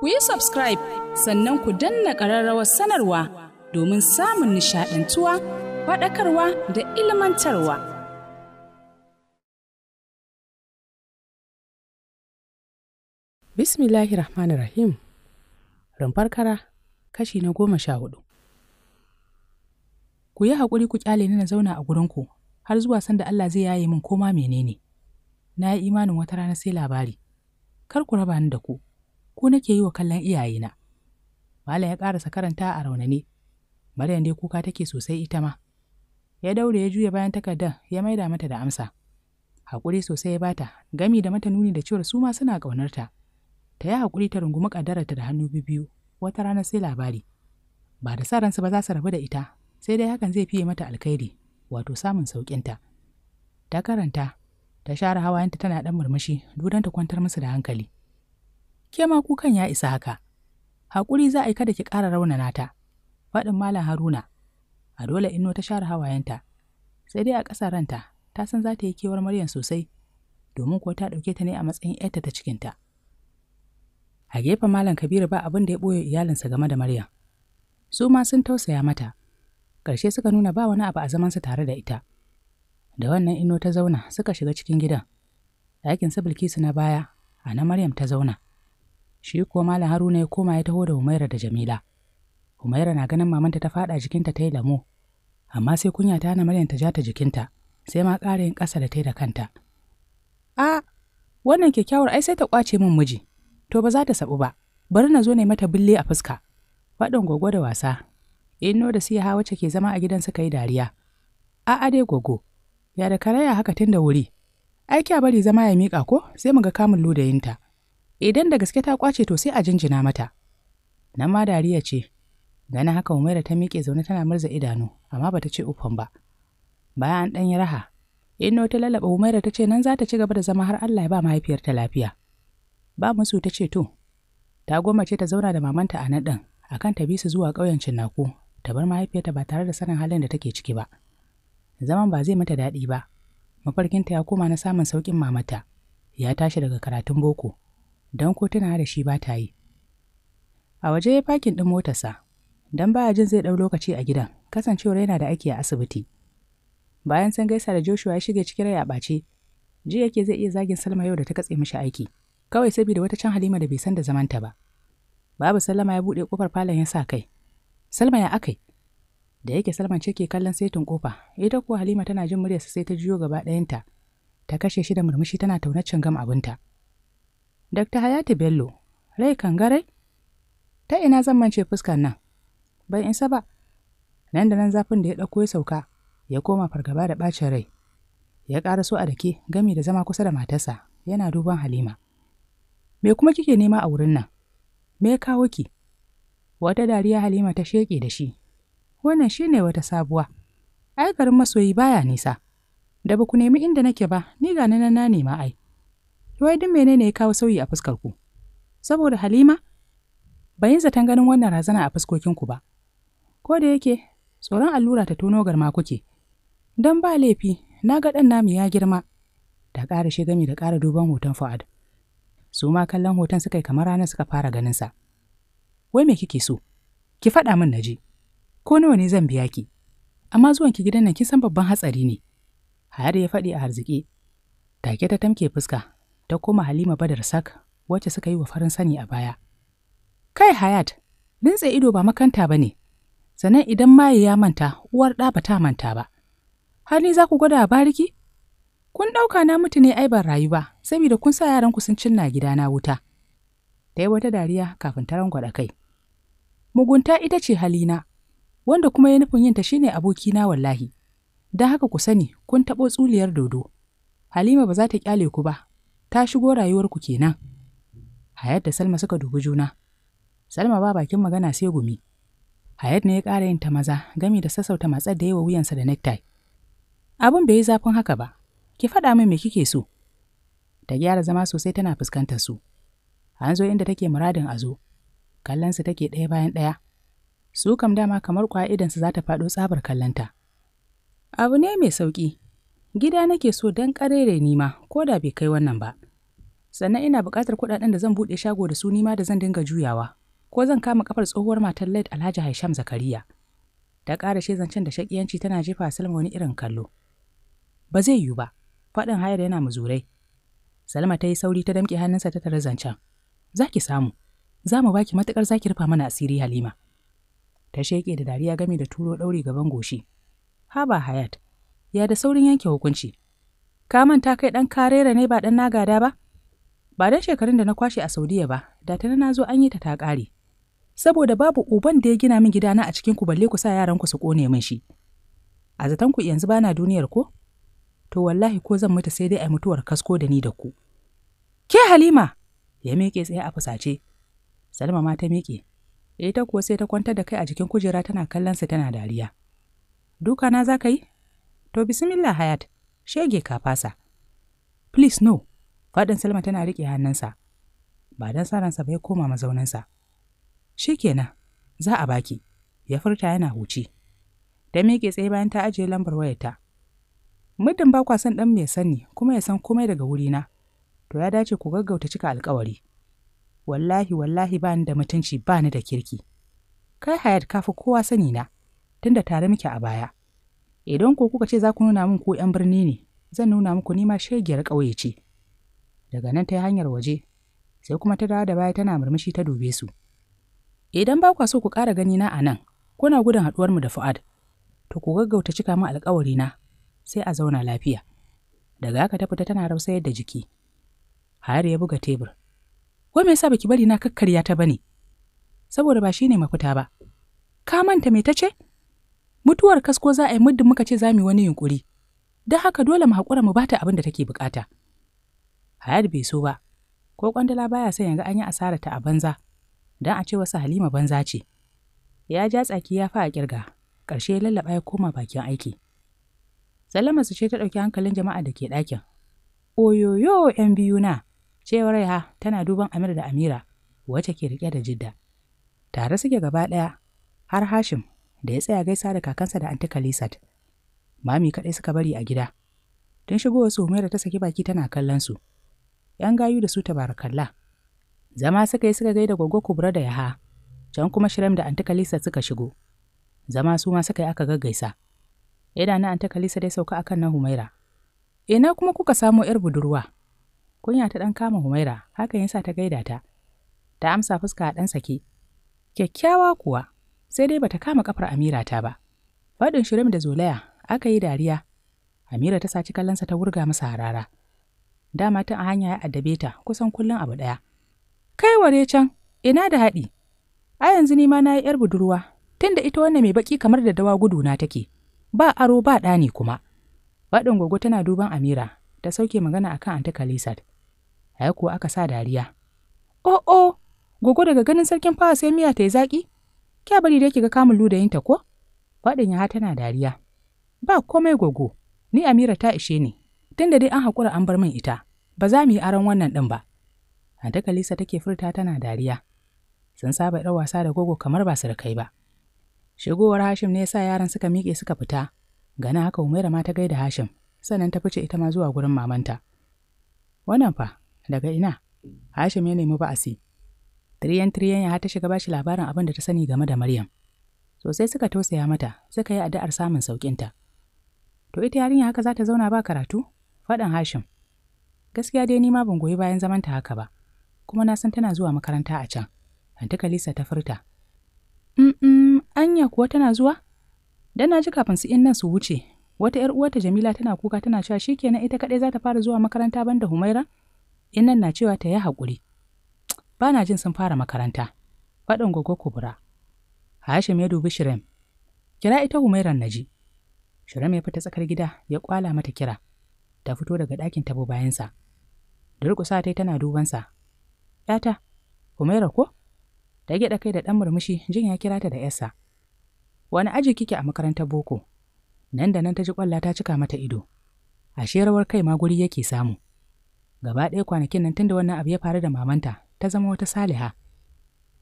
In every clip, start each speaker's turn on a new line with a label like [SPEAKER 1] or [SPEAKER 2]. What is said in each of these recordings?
[SPEAKER 1] ku yi subscribe sannan ku danna ƙararrawar sanarwa domin samun nishaɗantuwa faɗakarwa da ilmantarwa. Bismillahi Rahmanir Rahim Rumfar kara kashi na goma sha hudu. Ku yi haƙuri ku ƙyale ni na zauna a gurinku har zuwa sanda Allah zai yaye min koma menene. Na yi imanin wata rana sai labari. Kar ku raba ni da ku. ko nake yi wa kallon iyayena. Malam ya ƙarasa karanta a raunane, Maryam dai kuka take sosai ita ma. Ya daure ya juya bayan takardar ya maida mata da amsa. Haƙuri sosai ya bata, gami da mata nuni da cewar su ma suna ƙaunarta. Ta yi haƙuri ta rungumi ƙaddararta da hannu biyu, wata rana sai labari. Ba da sa ransa ba za su rabu da ita, sai dai hakan zai fiye mata alkhairi, wato samun sauƙinta. Ta karanta, ta share hawayenta tana ɗan murmushi, don ta kwantar musu da hankali. ke ma kukan ya isa haka. Haƙuri za a yi kada ki ƙara raunana ta. Faɗin Malam Haruna, a dole Inno ta share hawayenta, sai dai a ƙasa ranta ta san za ta yi kewar Maryam sosai, domin ko ta ɗauke ta ne a matsayin ‘yarta ta cikinta. A gefe Malam Kabiru ba abin da ya ɓoye iyalinsa game da Maryam. Su ma sun tausaya mata, ƙarshe suka nuna ba wani abu a zamansa tare da ita. Da wannan Inno ta zauna suka shiga cikin gidan. Ɗakin su Bilkisu na baya, a na Maryam ta zauna. Shi kuwa Malam Haruna ya koma ya taho da Humaira da Jamila. Humaira na ganin mamanta ta faɗa jikinta ta yi lamo, amma sai kunya ta hana Maryam ta ja ta jikinta, sai ma ƙara yin ƙasa da ta da kanta. A, wannan kyakkyawar ai sai ta ƙwace min miji, to ba za ta saɓu ba, bari na zo ne mata bille a fuska. Faɗin gogo da wasa, inno da siya wacce ke zama a gidan suka yi dariya. A'a dai gogo, ya da karaya haka tun da wuri, ai kya bari zama ya mika ko sai mu ga kamun ludayinta. Idan da gaske ta kwace to sai a jinjina mata. Nan ma dariya ce, ganin haka Umaira ta miƙe zaune tana murza idanu, amma bata ce ufan ba. Bayan an ɗan yi raha, Inno ta lalaba Umaira ta ce nan za ta ci gaba da zama har Allah ya ba mahaifiyarta lafiya. Ba musu ta ce to, ta ce ta zauna da mamanta a nan ɗin, kan ta bi su zuwa ƙauyen Cinnaku, ta bar mahaifiyarta ba tare da sanin halin da take ciki ba. Zaman ba zai mata daɗi ba, mafarkinta ya koma na samun sauƙin mamata, ya tashi daga karatun boko. don ko tana da shi ba ta yi. A waje ya fakin ɗin motarsa, don ba jin zai ɗau lokaci a gidan, kasancewar yana da aiki a asibiti. Bayan san gaisa da Joshua ya shige cikin rai a ɓace, ji yake zai iya zagin Salma yau da ta katse mishi aiki, kawai saboda wata can Halima da bai san da zamanta ba. Babu Salma ya buɗe kofar falon ya sa kai. Salma ya akai. Da yake salma ce ke kallon saitin kofa, ita kuwa Halima tana jin muryarsa sai ta jiyo gaba ɗayanta. Ta kashe shi da murmushi tana taunacin gam abinta. Dr. Hayati Bello, rai kan kangarai? Ta ina zan mance fuskan nan? Ban isa ba. Nan da nan zafin da ya ɗauko ya sauka, ya koma fargaba da ɓacin rai. Ya ƙara so a dake gami da zama kusa da matarsa, yana duban Halima. Me kuma kike nema a wurin nan? Me kawo ki? Wata dariya Halima ta sheƙe da shi. Wannan shi ne wata sabuwa. Ai garin masoyi baya nisa. Da ba ku nemi inda nake ba, ni ga nan na nema ai. wai duk menene ya kawo sauyi a fuskar ku? Saboda Halima, bai yi zaton ganin wannan razana a fuskokin ku ba. Ko da yake tsoron allura ta tono garma kuke. Dan ba laifi, na ga ɗan namu ya girma. Ta ƙara shiga gami da ƙara duban hoton Fuad. Su ma kallon hoton suka yi kamar ranar suka fara ganin sa. Wai me kike so? Ki faɗa min na Ko nawa ne zan biya ki? Amma zuwan ki gidan nan kin san babban hatsari ne. Har ya faɗi a harziki. Take ta tamke fuska ta kuma Halima Badar Sak wacce suka yi wa farin sani a baya. Kai Hayat, dintse ido ba makanta ba ne, sannan idan maye ya manta uwar ɗa ba ta manta ba. Hali za ku gwada a bariki? Kun ɗauka na mutu ne aibar rayuwa, saboda kun sa yaran ku sun cinna gidana wuta. Ta yi wata dariya kafin ta rangwada kai. Mugunta ita ce halina, wanda kuma ya nufin yinta shine abokina wallahi. Don haka ku sani kun taɓo tsuliyar dodo. Halima ba za ta kyale ku ba, ta shigo rayuwarku kenan. Hayat da Salma suka dubi juna. Salma ba bakin magana sai gumi. Hayat ne ya ƙara yin ta maza gami da sassauta matsar da yawa wuyansa da necktie. Abin bai yi zafin haka ba, ki faɗa min me kike so. Ta gyara zama sosai tana fuskantar su. An zo inda take muradin a zo. kallonsa take ɗaya bayan ɗaya. Su kam dama kamar kwa idansu za ta faɗo tsabar kallonta. Abu ne mai sauƙi, gida nake so don ƙarere nima ko da bai kai wannan ba. sannan ina buƙatar kuɗaɗen da zan buɗe shago da su nima da zan dinga juyawa ko zan kama kafar tsohuwar matar Led Alhaji Haisham Zakariya ta ƙara shi zancen da shakiyanci tana jefa Salma wani irin kallo ba zai yiwu ba faɗin hayar yana muzurai Salma ta yi sauri ta damƙe hannunsa ta tare zancen za ki samu za mu ba ki matuƙar za ki rufa mana asiri Halima ta sheƙe da dariya game da turo ɗauri gaban goshi haba Hayat ya da saurin yanke hukunci ka manta kai ɗan karera ne ba ɗan nagada ba Ba dan shekarun da na kwashe a Saudiya ba, da ta na zo an yi ta ta ƙare. Saboda babu uban da ya gina min gidana a cikin ku balle ku sa yaran ku su kone min shi. A zatonku ku yanzu bana duniyar ko? To wallahi ko zan mutu sai dai a mutuwar kasko da ni da ku. Ke Halima, ya miƙe tsaye a fusace. Salma ma ta miƙe. Ita eh, kuwa sai ta kwantar da kai a jikin kujera tana kallon sa tana dariya. Duka na za ka yi? To bismillah Hayat, shege ka fasa. Please no. Faɗin Salma tana riƙe hannunsa. Ba don saransa ba ya koma mazauninsa. Shi kenan, za a baki, ya furta yana huci. Da miƙe tsaye bayan ta ajiye lambar wayarta. Muddin ba kwa son ɗan mai sani kuma ya san komai daga wurina, to ya dace ku gaggauta cika alkawari. Wallahi wallahi ba ni da mutunci ba ni da kirki. Kai Hayat kafi kowa sani na, tunda tare muke a baya. Idan ko kuka ce za ku nuna min ko 'yan birni ne, zan nuna muku nima shegiyar ƙauye ce. daga nan ta yi hanyar waje sai kuma ta dawo da baya tana murmushi ta dube su idan ba kwa so ku ƙara gani na a nan kuna gudun haɗuwar mu da fu'ad to ku gaggauta cika mu alƙawari na sai a zauna lafiya daga haka ta fita tana rausayar da jiki har ya buga tebur ko me yasa baki bari na kakkarya ta bane saboda ba shine mafita ba ka manta me ta ce mutuwar kasko za a yi muddin muka ce za mu yi wani yunkuri don haka dole mu haƙura mu bata abin da take bukata Hayat bai so ba, ko kwandala baya son ya ga an yi ta a banza, don a ce wasu Halima banza ce. Ya ja tsaki ya fa a kirga, ƙarshe ya lallaɓa ya koma bakin aiki. Salama su ce ta ɗauki hankalin jama'a da ke ɗakin. Oyoyo ‘yan biyu na, cewar ya tana duban Amir da Amira, wacce ke riƙe da Jidda. Tare suke gaba ɗaya, har Hashim da ya tsaya gaisa da kakansa da Anti lisat. Mami kaɗai suka bari a gida. Tun shigowa su umaira ta saki baki tana kallon su. ‘yan gayu da su tabarakalla. Zama suka yi suka gaida gwaggo kubura da yaha, can kuma shirin da antakalisa suka shigo. Zama su ma suka yi aka gaggaisa. Ida na antakalisa dai sauka akan na Humaira. Ina kuma kuka samo ‘yar budurwa? Kunya ta ɗan kama Humaira, hakan yasa ta gaida ta. Ta amsa fuska a ɗan sake. Kyakkyawa kuwa, sai dai bata kama kafar Amira ta ba. Faɗin shirim da zolaya, aka yi dariya. Amira ta saci kallonsa ta wurga masa harara. dama ta a hanya ya addabe ta kusan kullum abu ɗaya. Kai ware can, ina da haɗi. A yanzu ni ma na yi ‘yar budurwa, tun da ita wannan mai baƙi kamar da dawa gudu na take, ba aro ba ɗani kuma. Baɗin gogo tana duban Amira, ta sauke magana a kan Anta Kalisat. Ai kuwa aka sa dariya. Oh oh, gogo daga ganin sarkin fawa sai miya ta yi zaƙi? Kya bari da ki ga kamun ludayinta ko? Baɗin ya tana dariya. Ba komai gogo, ni Amira ta ishe ni, tun da dai an haƙura an bar min ita, ba za mu yi aron wannan ɗin ba. A daga Lisa take furta tana dariya. Sun saba ɗan wasa da gogo kamar ba su da kai ba. Shigowar Hashim ne ya sa yaran suka miƙe suka fita. Gana haka Umaira ma ta gaida Hashim, sannan ta fice ita ma zuwa gurin mamanta. Wannan fa, daga ina? Hashim ya nemi ba'asi. Tiriyan tiriyan ya ta shiga bashi labarin abin da ta sani game da Maryam. Sosai suka tausaya mata, suka yi addu'ar samun sauƙinta. To ita yarinya haka za ta zauna ba karatu? Faɗin Hashim, gaskiya dai ni ma ban goyi bayan zamanta haka ba, kuma na san tana zuwa makaranta a can, Anta Kalisa ta furta. Mm anya kuwa tana zuwa? Dan na ji kafin su in nan su wuce, wata ‘yar uwarta Jamila tana kuka tana cewa kenan ita kaɗai za ta fara zuwa makaranta banda Humaira? In nan na cewa ta yi haƙuri. Ba na jin sun fara makaranta. Faɗin gwaggo kubura. Hashim ya dubi Shirem. Kira ita Humairan na ji. Shirem ya fita tsakar gida ya kwala mata kira. ta fito daga ɗakin tabo bayansa. Durƙusa ta tana dubansa. ‘Yata, Humaira ko? Ta gyaɗa kai da ɗan murmushi jin ya kira ta da ‘yarsa. Wani aji kike a makarantar boko? Nan da nan ta ji ƙwalla ta cika mata ido. Ashe rawar kai ma guri yake samu. Gaba ɗaya kwanakin nan tunda wannan abu ya faru da mamanta ta zama wata saliha.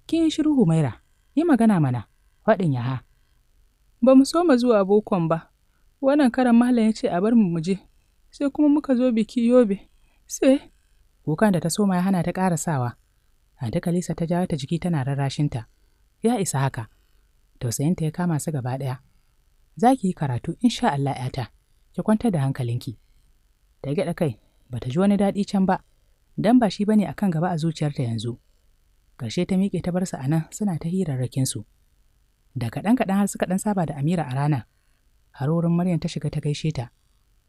[SPEAKER 1] Kin shiru Humaira, yi magana mana, faɗin yaha. Ba mu so mu zuwa bokon ba, wannan karan malam ya ce a bar mu je. sai kuma muka zo biki yobe sai kukan da ta soma ya hana ta ƙarasawa a duka lisa ta jawo ta jiki tana rarrashinta ya isa haka tausayinta ya kama su gaba ɗaya za ki yi karatu insha Allah ‘yata ki kwantar da hankalinki ta gyaɗa kai ba ta ji wani daɗi can ba dan ba shi bane akan gaba a zuciyarta yanzu ƙarshe ta miƙe ta bar su anan suna ta hirarrakin su da kaɗan kaɗan har suka ɗan saba da Amira a rana har wurin Maryam ta shiga ta gaishe ta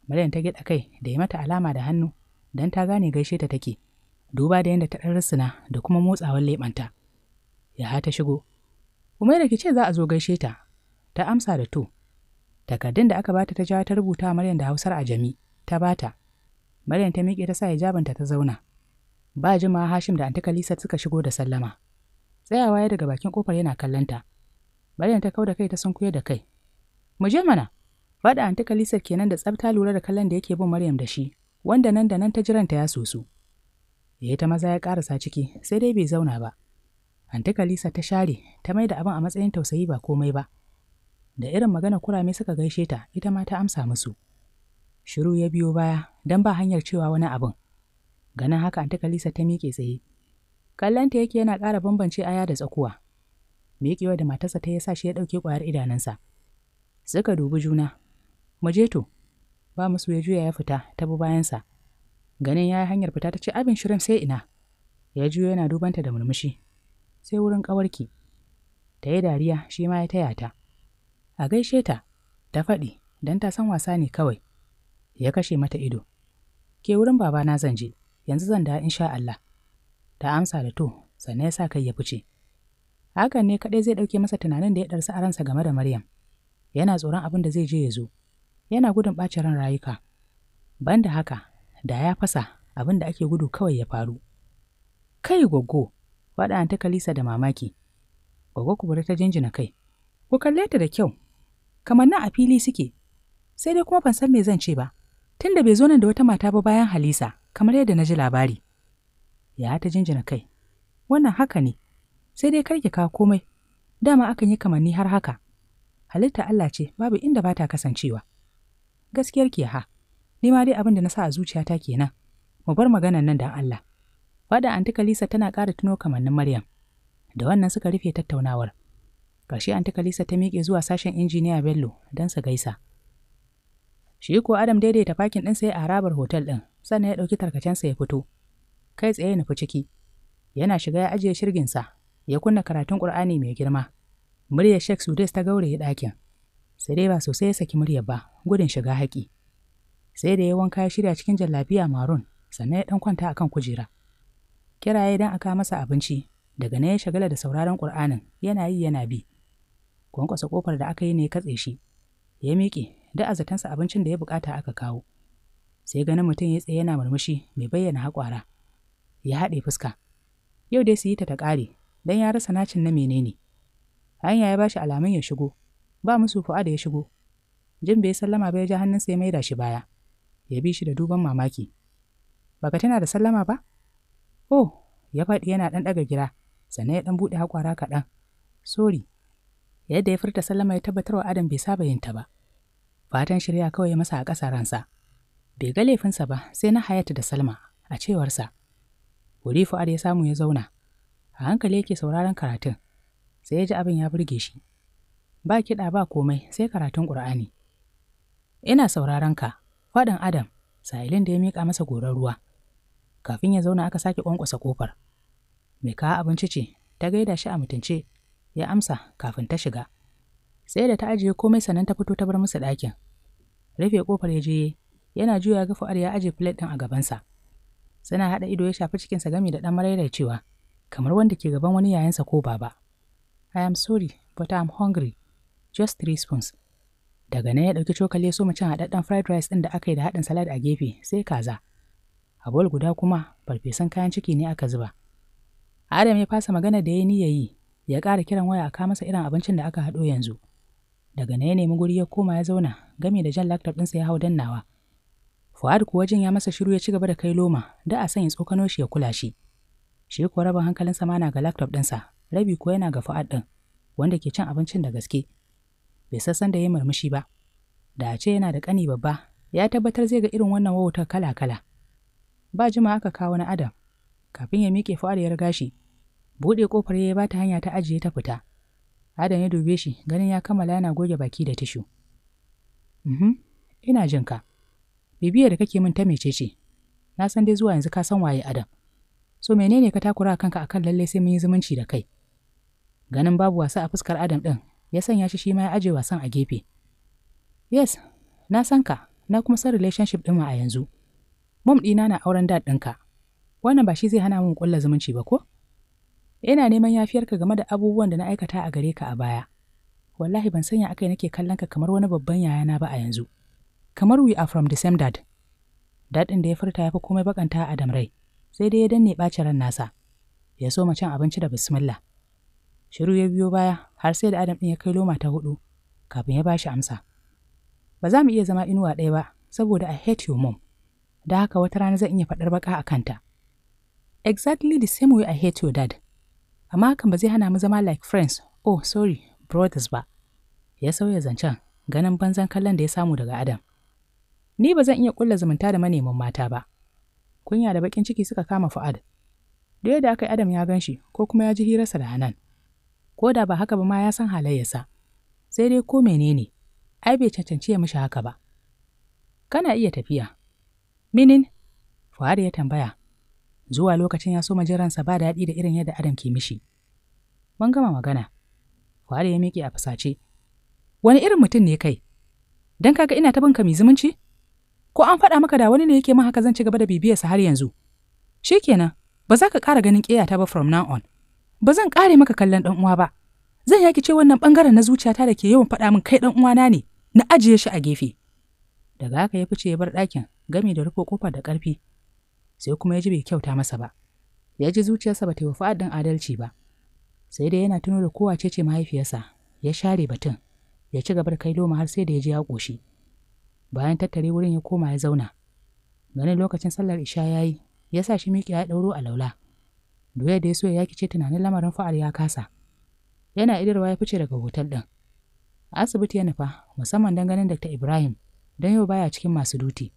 [SPEAKER 1] Maryam ta gida kai da yi mata alama da hannu don ta gane gaishe ta take, duba da yadda ta ɗan rusuna da kuma motsawar leɓanta. Yaha ta shigo. Umaira ki ce za a zo gaishe ta, ta amsa da to. Takardun da aka bata ta jawo ta rubuta Maryam da Hausar a jami, ta bata. Maryam ta miƙe ta sa hijabinta ta zauna. Ba jimawa Hashim da Antika Lisa suka shigo da sallama. Tsayawa ya daga bakin kofar yana kallanta. Maryam ta kau da kai ta sunkuye da kai. Mu je mana, Faɗa Anta Kalisa kenan da tsafta lura da kallon da yake bin Maryam da shi, wanda nan da nan ta jiranta ya soso. Ya ta maza ya karasa ciki, sai dai bai zauna ba. Anta Kalisa ta share, ta mai da abin a matsayin tausayi ba komai ba. Da irin magana kurame suka gaishe ta, ita ma ta amsa musu. Shiru ya biyo baya, don ba hanyar cewa wani abin. Ganin haka Anta Kalisa ta miƙe tsaye. Kallonta yake yana ƙara bambance aya da tsakuwa. Miƙewa da matarsa ta ya sa shi ya ɗauke ƙwayar idanunsa. Suka dubi juna, mu je to ba musu ya juya ya fita ta bi bayansa ganin ya yi hanyar fita ta ce abin shirin sai ina ya juyo yana dubanta da murmushi sai wurin ƙawarki ta yi dariya shi ma ya taya ta a gaishe ta ta faɗi don ta san wasa ne kawai ya kashe mata ido ke wurin babana zan je yanzu zan da insha Allah ta amsa da to sannan ya sa kai ya fice hakan ne kaɗai zai ɗauke masa tunanin da ya ɗarsa a ransa game da Maryam yana tsoron abin da zai je ya zo yana gudun ɓacin ran rayuka. Banda haka, da ya fasa abin da ake gudu kawai ya faru. Kai gogo, faɗa an ta Kalisa da mamaki. Gwaggo kubura ta jinjina kai. Ku kalle ta da kyau, kamar nan a fili suke, sai dai kuma ban san me zan ce ba, Tun da bai zo nan da wata mata ba bayan Halisa, kamar yadda na ji labari. Ya ta jinjina kai, wannan haka ne, sai dai karki kawo komai, dama akan yi kamanni har haka. Halitta Allah ce babu inda bata kasancewa. gaskiyar ke ha ni ma dai abin da na sa a zuciyata kenan mu bar maganan nan dan Allah fada anti Kalisa tana ƙara tuno kamannin Maryam da wannan suka rufe tattaunawar ƙarshe anti Kalisa ta miƙe zuwa sashen injiniya Bello don sa gaisa shi ko Adam daidaita fakin ɗinsa ya harabar hotel ɗin sannan ya ɗauki tarkacensa ya fito kai tsaye na fi ciki yana shiga ya ajiye shirginsa ya kunna karatun ƙur'ani mai girma muryar Sheikh Sudes ta gauraye ɗakin. sai ba sosai ya saki murya ba gudun shiga haƙi sai da ya wanka ya shirya cikin jallabiya maron sannan ya ɗan kwanta akan kujera kira ya dan aka masa abinci daga na ya shagala da sauraron ƙur'anin yana yi yana bi kwankwasa ƙofar da aka yi ne ya katse shi ya miƙe da azatansa abincin da ya buƙata aka kawo sai ganin mutum ya tsaye yana murmushi mai bayyana haƙwara ya haɗe fuska yau dai su yi ta ta ƙare don ya rasa nacin na menene hanya ya bashi alamun ya shigo ba musu fu'a da ya shigo jin bai sallama ba ya ja hannunsa ya maida shi baya ya bi shi da duban mamaki baka tana da sallama ba oh ya faɗi yana ɗan ɗaga gira sannan ya ɗan buɗe haƙwara kaɗan sori yadda ya furta sallama ya tabbatar wa adam bai saba yin ta ba fatan shirya kawai masa a ƙasa ransa bai ga laifinsa ba sai na hayata da salma a cewarsa wuri fu'ad ya samu ya zauna a hankali yake sauraron karatun sai ya ji abin ya burge shi ba kiɗa ba komai sai karatun ƙur'ani. Ina sauraron ka, faɗin Adam, sahilin da ya miƙa masa goron ruwa. Kafin ya zauna aka sake ƙwanƙwasa ƙofar. Mai kawo abinci ce, ta gaida shi a mutunce, ya amsa kafin ta shiga. Sai da ta ajiye komai sannan ta fito ta bar musu ɗakin. Rufe ƙofar ya je, yana juya ga fa'ar ya ajiye filet ɗin a gabansa. Suna haɗa ido ya shafi cikinsa gami da ɗan cewa, kamar wanda ke gaban wani yayansa ko baba. I am sorry, but I am hungry. just three spoons. Daga nan ya ɗauki cokali ya so mu cin haɗaɗɗen fried rice ɗin da aka yi da haɗin salad a gefe sai kaza. A bol guda kuma farfesan kayan ciki ne aka zuba. Adam ya fasa magana da ya ni yi, ya ƙara kiran waya a masa irin abincin da aka haɗo yanzu. Daga nan ya nemi guri ya koma ya zauna gami da jan laptop ɗinsa ya hau dannawa. Fuad kuwa jin ya masa shiru ya ci gaba da kai loma, da a sanya tsokano shi ya kula shi. Shi kuwa rabin hankalinsa ma na ga laptop ɗinsa, rabi kuwa yana ga Fuad ɗin, wanda ke cin abincin da gaske. bai san da ya murmushi ba da a ce yana da ƙani babba ya tabbatar zai ga irin wannan wautar kala-kala ba jima aka kawo na adam kafin ya miƙe fa'ar ya riga buɗe ƙofar ya ba ta hanya ta ajiye ta fita adam ya dube shi ganin ya kammala yana goge baki da tishu mhm ina jin ka bibiya da kake min ta ce. na san dai zuwa yanzu ka san waye adam so menene ka takura kanka akan lalle sai mun yi zumunci da kai ganin babu wasa a fuskar adam ɗin ya sanya shi shi ma ya aje wasan a gefe. Yes, na san ka, na kuma san relationship ɗin a yanzu. Mom ɗina na auren dad ɗinka. Wannan ba shi zai hana min ƙulla zumunci ba ko? Ina neman yafiyarka game da abubuwan da na aikata a gare ka a baya. Wallahi ban sanya akai nake kallon ka kamar wani babban yayana ba a yanzu. Kamar we are from the same dad. Dad ɗin da ya furta ya fi komai bakanta a Adam rai, sai dai ya danne ɓacin ran nasa. Ya so cin abinci da bismillah. Shiru ya biyo baya har sai da Adam ɗin ya kai loma ta hudu kafin ya bashi amsa. Ba za mu iya zama inuwa ɗaya ba saboda I hate your mom. Da haka wata rana zan iya faɗar baka a kanta. Exactly the same way I hate your dad. Amma hakan ba zai hana mu zama like friends. Oh, sorry, brothers ba. Ya sauya zancen ganin banzan kallon da ya samu daga Adam. Ni ba zan iya kulla zumunta da manemin mata ba. Kunya da bakin ciki suka kama Fuad. Da yadda aka yi Adam ya gan shi ko kuma ya ji hirarsa da Hanan. ko da ba haka ba ma ya san halayyarsa sai dai ko menene ai bai cancanci ya mishi haka ba kana iya tafiya minin fuhari ya tambaya zuwa lokacin ya so majiransa ba daɗi da irin yadda adam ke mishi mun gama magana fuhari ya miƙe a fasace wani irin mutum ne kai don kaga ina ta binka mai zumunci ko an faɗa maka da wani ne yake min haka zan ci gaba da bibiyarsa har yanzu shikenan ba za ka ƙara ganin ƙeyata ba from now on ba zan kare maka kallon ɗan uwa ba zan yaki ce wannan bangaren na zuciyata da ke yawan faɗa min kai dan uwana ne na ajiye shi a gefe daga haka ya fice ya bar ɗakin gami da rufe kofar da ƙarfi sai kuma ya ji bai kyauta masa ba ya ji zuciyarsa ba ta yi fa'adin adalci ba sai dai yana tuno da kowace ce mahaifiyarsa ya share batun ya ci gaba da kai loma har sai da ya ji ya ƙoshi bayan tattare wurin ya koma ya zauna ganin lokacin sallar isha ya yi ya sa shi miƙe ya ɗauro a laula Doya da ya soya ya ce tunanin lamarin fa'al ya kasa. Yana idarwa ya fice daga hotel ɗin. Asibiti ya nufa, musamman don ganin Dr. Ibrahim, don yau baya cikin masu duti.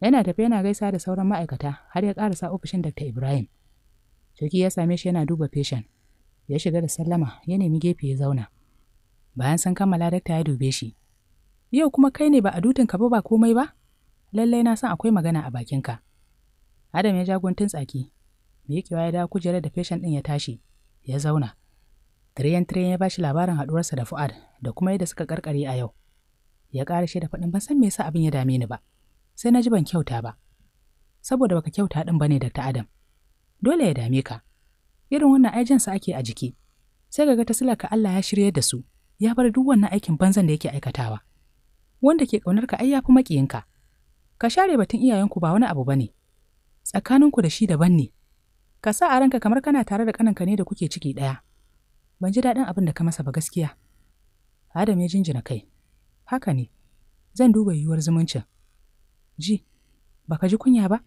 [SPEAKER 1] Yana tafe yana gaisa da sauran ma'aikata har ya ƙarasa ofishin Dr. Ibrahim. Coki ya same shi yana duba feshin. Ya shiga da sallama ya nemi gefe ya zauna. Bayan sun kammala dakta ya dube shi. Yau kuma kai ne ba a dutin ka ba ba komai ba? Lallai na san akwai magana a bakinka. Adam ya ja guntun tsaki miƙewa ya dawo kujerar da feshin ɗin ya tashi ya zauna tiriyan tiriyan ya bashi labarin haɗuwarsa da fu'ad da kuma yadda suka karkare a yau ya ƙara shi da faɗin ban san me yasa abin ya dame ni ba sai na ji ban kyauta ba saboda baka kyauta ɗin bane ta Adam dole ya dame ka irin wannan sa ake a jiki sai ga ta ka Allah ya shirye da su ya bar duk wannan aikin banzan da yake aikatawa wanda ke ƙaunar ka ai yafi maƙiyinka ka share batun iyayenku ba wani abu bane tsakaninku da shi daban ne Ka sa a ranka kamar kana tare da ƙaninka ne da kuke ciki ɗaya. Ban ji daɗin abin da ka masa ba gaskiya. Adam ya jinjina kai. Haka ne, zan duba yiwuwar zumuncin. Ji, baka ji kunya ba?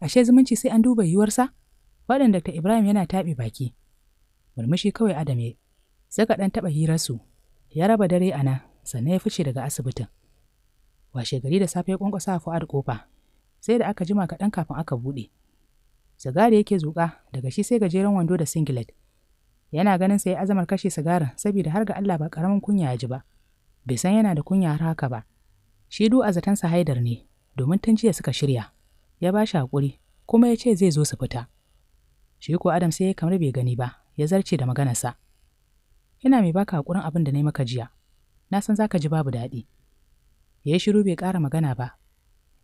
[SPEAKER 1] Ashe zumunci sai an duba sa? Waɗanda Dr. Ibrahim yana taɓe baki. Murmushi kawai Adam ya Saka ɗan taɓa hirarsu, ya raba dare a nan, sannan ya fice daga asibitin. Washe gari da safe ya ƙwanƙwasa a kofa sai da aka jima kaɗan kafin aka buɗe. sigari yake zuƙa daga shi sai gajeren wando da singlet yana ganin sai azamar kashe sigarin saboda har ga Allah ba karamin kunya ya ji ba bai san yana da kunya har haka ba shi du a sa haidar ne domin tun jiya suka shirya ya ba shi hakuri kuma ya ce zai zo su fita shi ko Adam sai ya kamar bai gani ba ya zarce da maganarsa ina mai baka hakurin abin da na maka jiya na san zaka ji babu daɗi ya yi shiru bai ƙara magana ba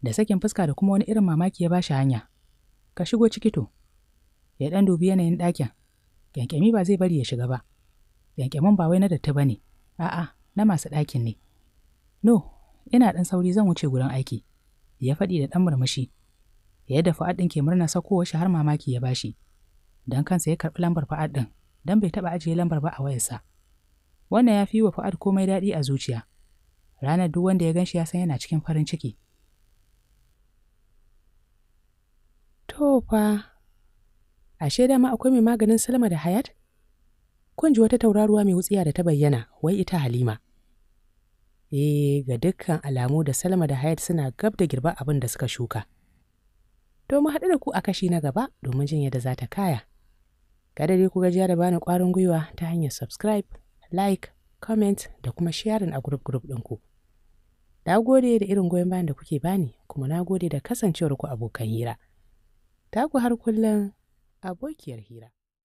[SPEAKER 1] da sakin fuska da kuma wani irin mamaki ya ba shi hanya Ka shigo ciki to, ya ɗan dubi yanayin ɗakin, ƙyanƙyami ba zai bari ya shiga ba. Ƙyanƙyamin ba wai na datti ba ne, a'a, na masu ɗakin ne. No, ina ɗan sauri zan wuce gurin aiki, ya faɗi da ɗan murmushi. ya Yadda fa'ad ɗin ke murna sakowar shi har mamaki ya bashi, don kansa ya karɓi lambar fa'ad ɗin, don bai taɓa ajiye lambar ba a wayarsa. Wannan ya fi wa fa'ad komai daɗi a zuciya. Ranar duk wanda ya ganshi ya san yana cikin farin ciki. fa, ashe dama akwai mai maganin Salma da Hayat? Kun ji wata tauraruwa mai wutsiya da ta bayyana, wai ita Halima. Eh, ga dukkan alamu da Salma da Hayat suna gab da girba abin da suka shuka. To mu haɗu da ku a kashi na gaba domin jin yadda za ta kaya. Kada dai ku gajiya da bani ƙwarin gwiwa ta hanyar subscribe, like, comment da kuma sharing a group group ɗinku. Na gode da irin goyon bayan da kuke bani, kuma na gode da kasancewar kasancewarku abokan hira. taku har kullum abokiyar hira.